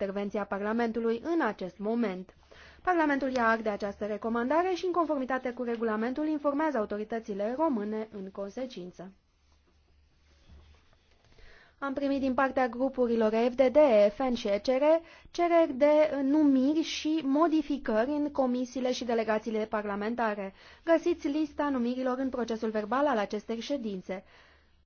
intervenția Parlamentului în acest moment. Parlamentul ia act de această recomandare și, în conformitate cu regulamentul, informează autoritățile române în consecință. Am primit din partea grupurilor FDD, FN și ECR cereri de numiri și modificări în comisiile și delegațiile parlamentare. Găsiți lista numirilor în procesul verbal al acestei ședințe.